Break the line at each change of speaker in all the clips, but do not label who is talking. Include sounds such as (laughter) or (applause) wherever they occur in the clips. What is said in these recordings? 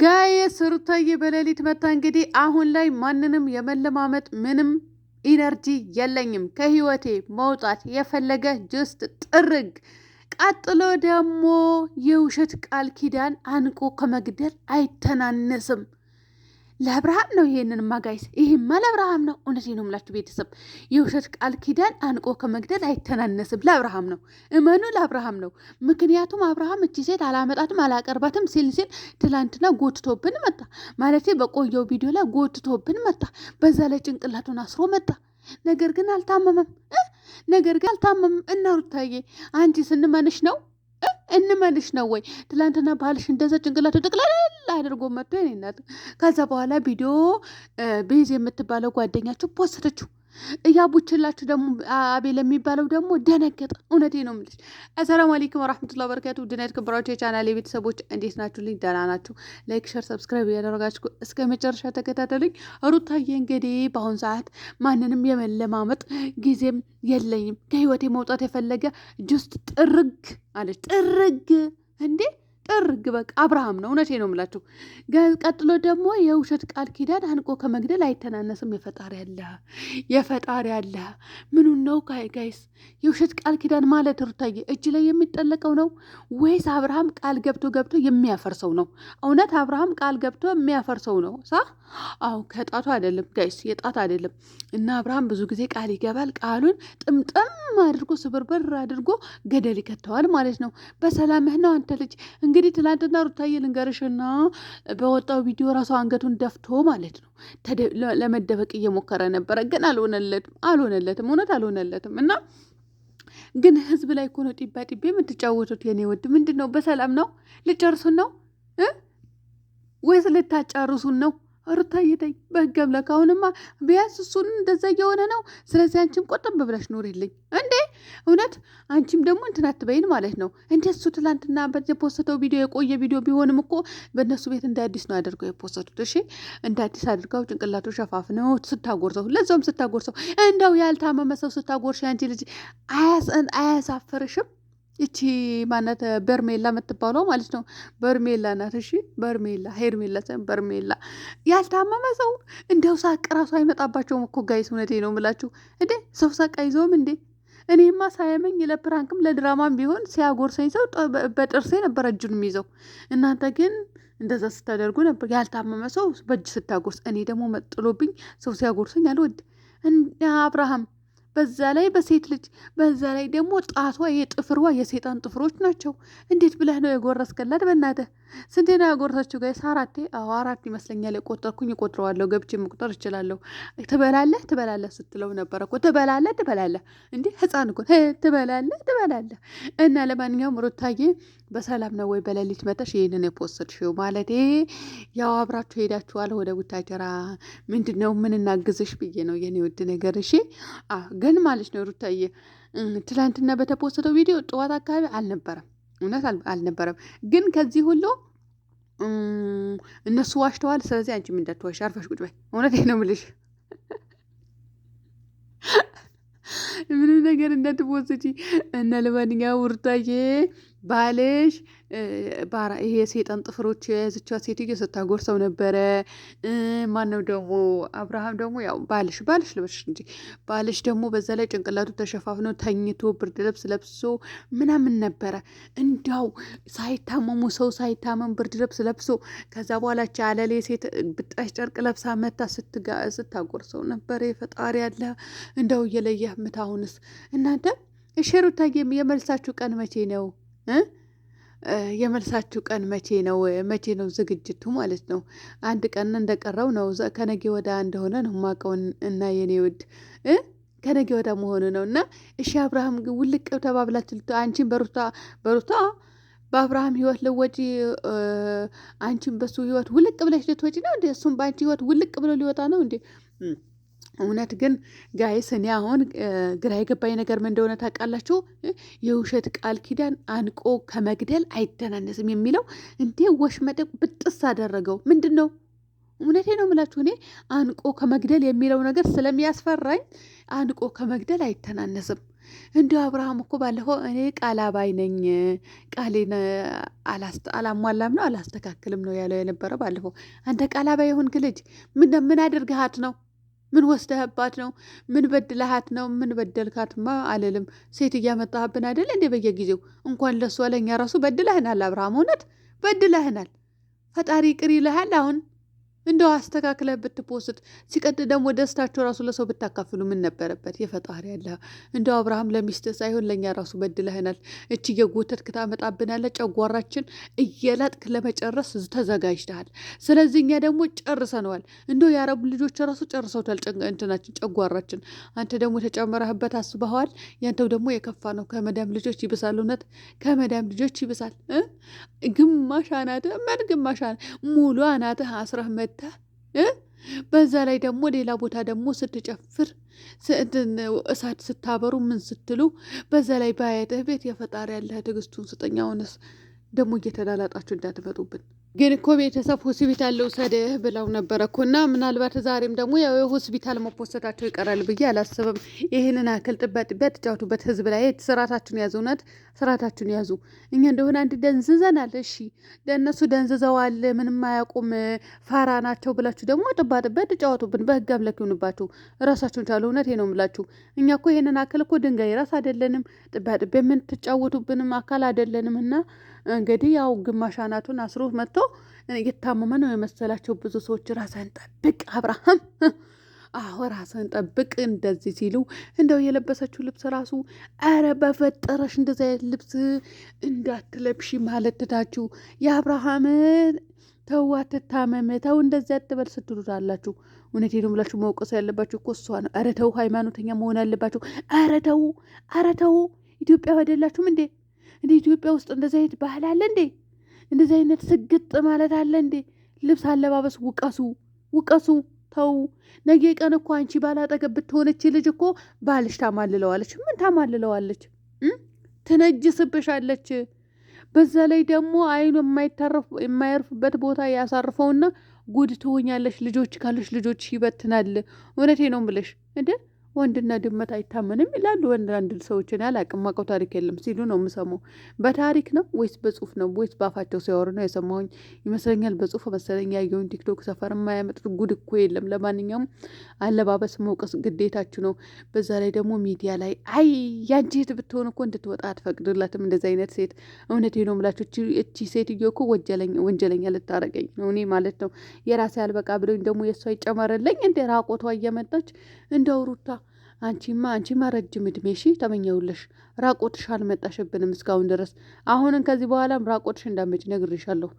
ጋዬ ሩታዬ በሌሊት መታ። እንግዲህ አሁን ላይ ማንንም የመለማመጥ ምንም ኢነርጂ የለኝም። ከህይወቴ መውጣት የፈለገ ጀስት ጥርግ። ቀጥሎ ደግሞ የውሸት ቃል ኪዳን አንቆ ከመግደል አይተናነስም። ለአብርሃም ነው ይሄንን ማጋይስ ይህማ ለአብርሃም ነው። እውነቴን ነው የምላችሁ ቤተሰብ፣ የውሸት ቃል ኪዳን አንቆ ከመግደል አይተናነስም። ለአብርሃም ነው፣ እመኑ ለአብርሃም ነው። ምክንያቱም አብርሃም እቺ ሴት አላመጣትም አላቀርባትም ሲል ሲል ትላንትና ጎትቶብን መጣ ማለት በቆየው ቪዲዮ ላይ ጎትቶብን መጣ። በዛ ላይ ጭንቅላቱን አስሮ መጣ። ነገር ግን አልታመመም። ነገር ግን አልታመመም። እና ሩታዬ አንቺ ስንመንሽ ነው እንመልሽ ነው ወይ? ትላንትና ባልሽ እንደዛ ጭንቅላቱ ጥቅልል አድርጎ መጥቶ የኔ እናት። ከዛ በኋላ ቪዲዮ ቤዝ የምትባለው ጓደኛችሁ ፖስተችው። እያቡችላችሁ ደግሞ አቤል የሚባለው ደግሞ ደነገጠ። እውነቴ ነው የምልሽ። አሰላሙ አለይኩም ወራህመቱላሂ ወበረካቱ። ድነት ክብራዎች የቻናል የቤተሰቦች እንዴት ናችሁ? ልኝ ደህና ናችሁ? ላይክ፣ ሸር፣ ሰብስክራይብ እያደረጋችሁ እስከ መጨረሻ ተከታተሉኝ። ሩታዬ እንግዲህ በአሁኑ ሰዓት ማንንም የመለማመጥ ጊዜም የለኝም ከህይወቴ መውጣት የፈለገ ጁስት ጥርግ አለች። ጥርግ እንዴ ጥርግ በቃ አብርሃም ነው። እውነቴ ነው የምላችሁ። ቀጥሎ ደግሞ የውሸት ቃል ኪዳን አንቆ ከመግደል አይተናነስም። የፈጣሪ አለ የፈጣሪ አለ። ምኑ ነው ጋይስ? የውሸት ቃል ኪዳን ማለት ሩታዬ እጅ ላይ የሚጠለቀው ነው ወይስ አብርሃም ቃል ገብቶ ገብቶ የሚያፈርሰው ነው? እውነት አብርሃም ቃል ገብቶ የሚያፈርሰው ነው ሳ አው ከጣቱ አይደለም ጋይስ፣ የጣት አይደለም። እና አብርሃም ብዙ ጊዜ ቃል ይገባል። ቃሉን ጥምጥም አድርጎ ስብርብር አድርጎ ገደል ይከተዋል ማለት ነው። በሰላምህ ነው አንተ ልጅ እንግዲህ ትላንትና ሩታዬ ልንገርሽና በወጣው ቪዲዮ ራሱ አንገቱን ደፍቶ ማለት ነው ለመደበቅ እየሞከረ ነበረ፣ ግን አልሆነለትም አልሆነለትም እውነት አልሆነለትም እና ግን ህዝብ ላይ እኮ ነው ጢባ ጢቤ የምትጫወቱት። የኔ ወድ ምንድን ነው? በሰላም ነው ልጨርሱን ነው ወይስ ልታጫርሱን ነው? ሩታዬ ተይ፣ በህግ አምላክ አሁንማ ቢያንስ እሱን እንደዛ እየሆነ ነው። ስለዚህ አንቺም ቆጠብ ብለሽ ኑሪልኝ እንዴ እውነት አንቺም ደግሞ እንትን አትበይን ማለት ነው። እንደሱ ትላንትና የፖስተው ቪዲዮ የቆየ ቪዲዮ ቢሆንም እኮ በእነሱ ቤት እንደ አዲስ ነው አድርገው የፖስተቱት። እሺ እንደ አዲስ አድርገው ጭንቅላቱ ሸፋፍ ነው ስታጎርሰው፣ ለዛውም ስታጎርሰው፣ እንደው ያልታመመ ሰው ስታጎርሽ አንቺ ልጅ አያሳፍርሽም? እቺ ማነት በርሜላ የምትባለው ማለት ነው። በርሜላ ናት። እሺ በርሜላ ሄርሜላ ሳይሆን በርሜላ። ያልታመመ ሰው እንደው ሳቅ ራሱ አይመጣባቸውም እኮ ጋይስ። እውነቴ ነው የምላችሁ እንዴ ሰው ሳቅ አይዘውም እንዴ? እኔማ ሳያመኝ ለፕራንክም ለድራማም ቢሆን ሲያጎርሰኝ ሰው በጥርሴ ነበረ እጁን የሚይዘው። እናንተ ግን እንደዛ ስታደርጉ ነበር። ያልታመመ ሰው በእጅ ስታጎርስ፣ እኔ ደግሞ መጥሎብኝ ሰው ሲያጎርሰኝ አልወድ። አብርሃም በዛ ላይ በሴት ልጅ በዛ ላይ ደግሞ ጣቷ የጥፍሯ የሴጣን ጥፍሮች ናቸው። እንዴት ብለህ ነው የጎረስከላት? በእናትህ ስንቴ ነው ያጎረሰችው? ጋይስ አራቴ? አዎ አራት ይመስለኛል። የቆጠርኩኝ ቆጥረዋለሁ፣ ገብቼ መቁጠር እችላለሁ። ትበላለህ ትበላለህ ስትለው ነበረ እኮ ትበላለህ ትበላለህ። እንዲህ ህፃን እኮ ትበላለህ ትበላለህ። እና ለማንኛውም ሩታዬ በሰላም ነው ወይ በሌሊት መተሽ ይህንን የፖስትሽው? ማለቴ ያው አብራችሁ ሄዳችኋል ወደ ቡታጀራ ምንድን ነው ምንናግዝሽ ብዬ ነው የኔ ውድ ነገር። እሺ ግን ማለች ነው ሩታዬ ትላንትና በተፖስተው ቪዲዮ ጥዋት አካባቢ አልነበረም፣ እውነት አልነበረም። ግን ከዚህ ሁሉ እነሱ ዋሽተዋል። ስለዚህ አንቺ ምን እንዳትዋሽ አርፈሽ ቁጭ በይ። እውነት ነው የምልሽ ምንም ነገር እንዳትወስጂ እና ለማንኛውም ውርታዬ ባልሽ ባራ ይሄ ሴጣን ጥፍሮች የያዘችዋ ሴትዮ ስታጎርሰው ነበረ። ማነው ደግሞ አብርሃም ደግሞ ያው ባልሽ ባልሽ ልበሽ እንጂ ባልሽ ደግሞ በዛ ላይ ጭንቅላቱ ተሸፋፍኖ ተኝቶ ብርድ ልብስ ለብሶ ምናምን ነበረ። እንዲያው ሳይታመሙ ሰው ሳይታመም ብርድ ልብስ ለብሶ ከዛ በኋላ አለሌ ሴት ብጣሽ ጨርቅ ለብሳ መታ ስታጎርሰው ነበረ። የፈጣሪ ያለ እንዳው እየለየ ምታ አሁንስ እናንተ እሺ፣ የመልሳችሁ ቀን መቼ ነው? የመልሳችሁ ቀን መቼ ነው? መቼ ነው ዝግጅቱ ማለት ነው? አንድ ቀን እንደቀረው ነው። ከነጌ ወዳ እንደሆነ ነው ማቀው እና የኔ ውድ ከነጌ ወዳ መሆኑ ነው። እና እሺ፣ አብርሃም ውልቅ ተባብላችሁ አንቺን በሩታ በሩታ በአብርሃም ህይወት ልወጪ አንቺን በሱ ህይወት ውልቅ ብለሽ ልትወጪ ነው እንዴ? እሱም በአንቺ ህይወት ውልቅ ብሎ ሊወጣ ነው እንዴ? እውነት ግን ጋይስ እኔ አሁን ግራ የገባኝ ነገር ምን እንደሆነ ታውቃላችሁ? የውሸት ቃል ኪዳን አንቆ ከመግደል አይደናነስም የሚለው እንዴ! ወሽመደ ብጥስ አደረገው። ምንድን ነው? እውነቴ ነው የምላችሁ እኔ አንቆ ከመግደል የሚለው ነገር ስለሚያስፈራኝ አንቆ ከመግደል አይተናነስም። እንዲሁ አብርሃም እኮ ባለፈው እኔ ቃል አባይ ነኝ ቃሌን አላሟላም ነው አላስተካክልም ነው ያለው የነበረው ባለፈው። አንተ ቃል አባይ የሆንክ ልጅ ምን አድርግሃት ነው ምን ወስደህባት ነው? ምን በድለሃት ነው? ምን በደልካትማ አልልም። ሴት እያመጣህብን አይደል እንዴ? በየጊዜው እንኳን ለሷ ለእኛ ራሱ በድለህናል። አብርሃም እውነት በድለህናል። ፈጣሪ ቅር ይልሃል አሁን እንደው አስተካክለህ ብትፖስት፣ ሲቀድ ደግሞ ደስታቸው ራሱ ለሰው ብታካፍሉ ምን ነበረበት? የፈጣሪ ያለ እንደው አብርሃም ለሚስት ሳይሆን ለእኛ ራሱ በድለህናል። እቺ የጎተትክ ታመጣብናለህ። ጨጓራችን እየላጥክ ለመጨረስ ተዘጋጅተሃል። ስለዚህ እኛ ደግሞ ጨርሰነዋል። እንደው የአረቡ ልጆች ራሱ ጨርሰውታል እንትናችን ጨጓራችን። አንተ ደግሞ ተጨምረህበት አስበኸዋል። ያንተው ደግሞ የከፋ ነው። ከመዳም ልጆች ይብሳል። እውነት ከመዳም ልጆች ይብሳል። ግማሽ አናትህ መን ግማሽ ሙሉ አናትህ አስረህ መት ወታ በዛ ላይ ደግሞ ሌላ ቦታ ደግሞ ስትጨፍር እሳት ስታበሩ ምን ስትሉ በዛ ላይ በአያትህ ቤት የፈጣሪ ያለህ ትዕግስቱን ስጠኛ። ደግሞ እየተላላጣችሁ እንዳትመጡብን። ግን እኮ ቤተሰብ ሆስፒታል ልውሰድህ ብለው ነበረ እኮ እና ምናልባት ዛሬም ደግሞ ያው የሆስፒታል መፖሰታቸው ይቀራል ብዬ አላስብም። ይህንን አክል ጥበት ጫውቱበት ህዝብ ላይ ስርዓታችሁን ያዙ፣ እውነት ስርዓታችሁን ያዙ። እኛ እንደሆነ አንድ ደንዝዘናል። እሺ ለእነሱ ደንዝዘዋል፣ ምንም አያውቁም፣ ፋራ ናቸው ብላችሁ ደግሞ ጥባጥበት ጫወቱብን። በህግ አምላክ ይሁንባችሁ፣ ራሳችሁን ቻሉ። እውነት ነው የምላችሁ። እኛ እኮ ይህንን አክል እኮ ድንጋይ ራስ አይደለንም፣ ጥባጥቤ ምን ትጫወቱብንም አካል አይደለንም እና እንግዲህ ያው ግማሽ አናቱን አስሮ መጥቶ እየታመመ ነው የመሰላቸው ብዙ ሰዎች። ራስህን ጠብቅ አብርሃም፣ (laughs) አዎ ራስህን ጠብቅ። እንደዚህ ሲሉ እንደው የለበሰችው ልብስ ራሱ አረ በፈጠረሽ እንደዚ አይነት ልብስ እንዳትለብሺ ማለት ትታችሁ የአብርሃም ተው አትታመም፣ ተው እንደዚህ አትበል ስትሉታላችሁ። አላችሁ። እውነቴን ነው ብላችሁ መውቀስ ያለባችሁ እኮ እሷ ነው። አረ ተው፣ ሃይማኖተኛ መሆን ያለባችሁ። አረ ተው፣ አረ ተው። ኢትዮጵያ አይደላችሁም እንዴ? እንደ ኢትዮጵያ ውስጥ እንደዚህ አይነት ባህል አለ እንዴ? እንደዚህ አይነት ስግጥ ማለት አለ እንዴ? ልብስ አለባበስ ውቀሱ ውቀሱ። ተው ነገ ቀን እኮ አንቺ ባላጠገብ ብትሆነች ልጅ እኮ ባልሽ ታማልለዋለች። ምን ታማልለዋለች? ትነጅስብሻለች። በዛ ላይ ደግሞ አይኑ የማያርፍበት ቦታ ያሳርፈውና ጉድ ትሆኛለሽ። ልጆች ካሉሽ ልጆች ይበትናል። እውነቴ ነው ብለሽ እንዴ ወንድና ድመት አይታመንም ይላሉ። ወንድ አንድ ሰዎችን አላቅም ማቀው ታሪክ የለም ሲሉ ነው የምሰማው። በታሪክ ነው ወይስ በጽሁፍ ነው ወይስ በአፋቸው ሲያወሩ ነው የሰማሁኝ ይመስለኛል። በጽሁፍ መሰለኝ ያየውን ቲክቶክ ሰፈር የማያመጡት ጉድ እኮ የለም። ለማንኛውም አለባበስ መውቀስ ግዴታችሁ ነው። በዛ ላይ ደግሞ ሚዲያ ላይ አይ ያንቺ እህት ብትሆን እኮ እንድትወጣ አትፈቅድላትም። እንደዚህ አይነት ሴት እውነቴ ነው የምላችሁ። እቺ ሴትዮ እኮ ወንጀለኛ ልታረገኝ ነው እኔ ማለት ነው። የራሴ አልበቃ ብለኝ ደግሞ የእሷ ይጨመረለኝ እንደ ራቆቷ እየመጣች እንደ አውሩታ አንቺማ አንቺማ ረጅም እድሜ ሺ ተመኘውልሽ ራቆትሽ አልመጣሽብንም እስካሁን ድረስ። አሁንም ከዚህ በኋላም ራቆትሽ እንዳመጪ ነግሬሻለሁ።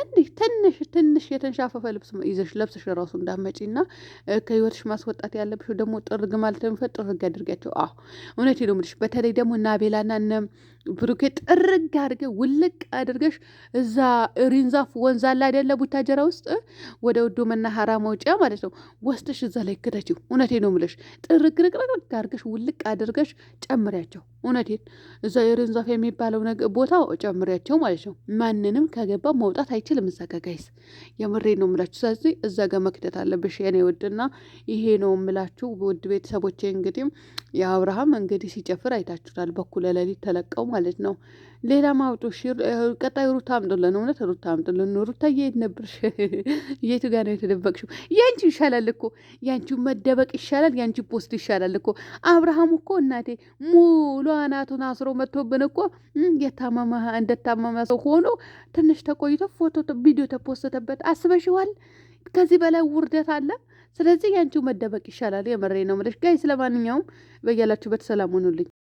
እንዲህ ትንሽ ትንሽ የተንሻፈፈ ልብስ ይዘሽ ለብስሽ ራሱ እንዳመጪ እና ከህይወትሽ ማስወጣት ያለብሽ ደግሞ ጥርግ ማለት ምፈጥ ጥርግ ያድርጊያቸው። አሁ እውነት ነው የምልሽ። በተለይ ደግሞ ናቤላና እነ ብሩኬ ጥርግ አድርገ ውልቅ አድርገሽ እዛ ሪንዛፍ ወንዝ አለ አይደለ ቡታጀራ ውስጥ ወደ ውዶ መናሃራ መውጫ ማለት ነው ወስደሽ እዛ ላይ ክተችው። እውነቴ ነው የምልሽ። ጥርግርቅርቅ አድርገሽ ውልቅ አድርገሽ ጨምሪያቸው እውነት አይደል? እዛ የሬን ዛፍ የሚባለው ነገር ቦታው ጨምሪያቸው ማለት ነው። ማንንም ከገባ መውጣት አይችልም። እዛ ጋ ጋይስ የምሬ ነው ምላችሁ። ስለዚህ እዛ ጋ መክደት አለብሽ የኔ ውድና፣ ይሄ ነው ምላችሁ ውድ ቤተሰቦቼ። እንግዲህ የአብርሃም እንግዲህ ሲጨፍር አይታችሁታል። በኩለ ሌሊት ተለቀው ማለት ነው። ሌላ አውጡ። ቀጣይ ሩታ አምጡልን፣ እውነት ሩታ አምጡልን። ሩታ የት ነበርሽ? (laughs) የቱ ጋር ነው የተደበቅሽው? ያንቺ ይሻላል እኮ ያንቺ መደበቅ ይሻላል፣ ያንቺ ፖስት ይሻላል እኮ። አብርሃም እኮ እናቴ ሙሉ አናቱን አስሮ መጥቶብን እኮ የታመመ እንደታመመ ሰው ሆኖ ትንሽ ተቆይቶ ፎቶ ቪዲዮ ተፖስተበት አስበሽዋል። ከዚህ በላይ ውርደት አለ? ስለዚህ ያንቺው መደበቅ ይሻላል። የመሬ ነው ምለሽ ጋይ። ስለማንኛውም በያላችሁበት ሰላም ሆኑልኝ።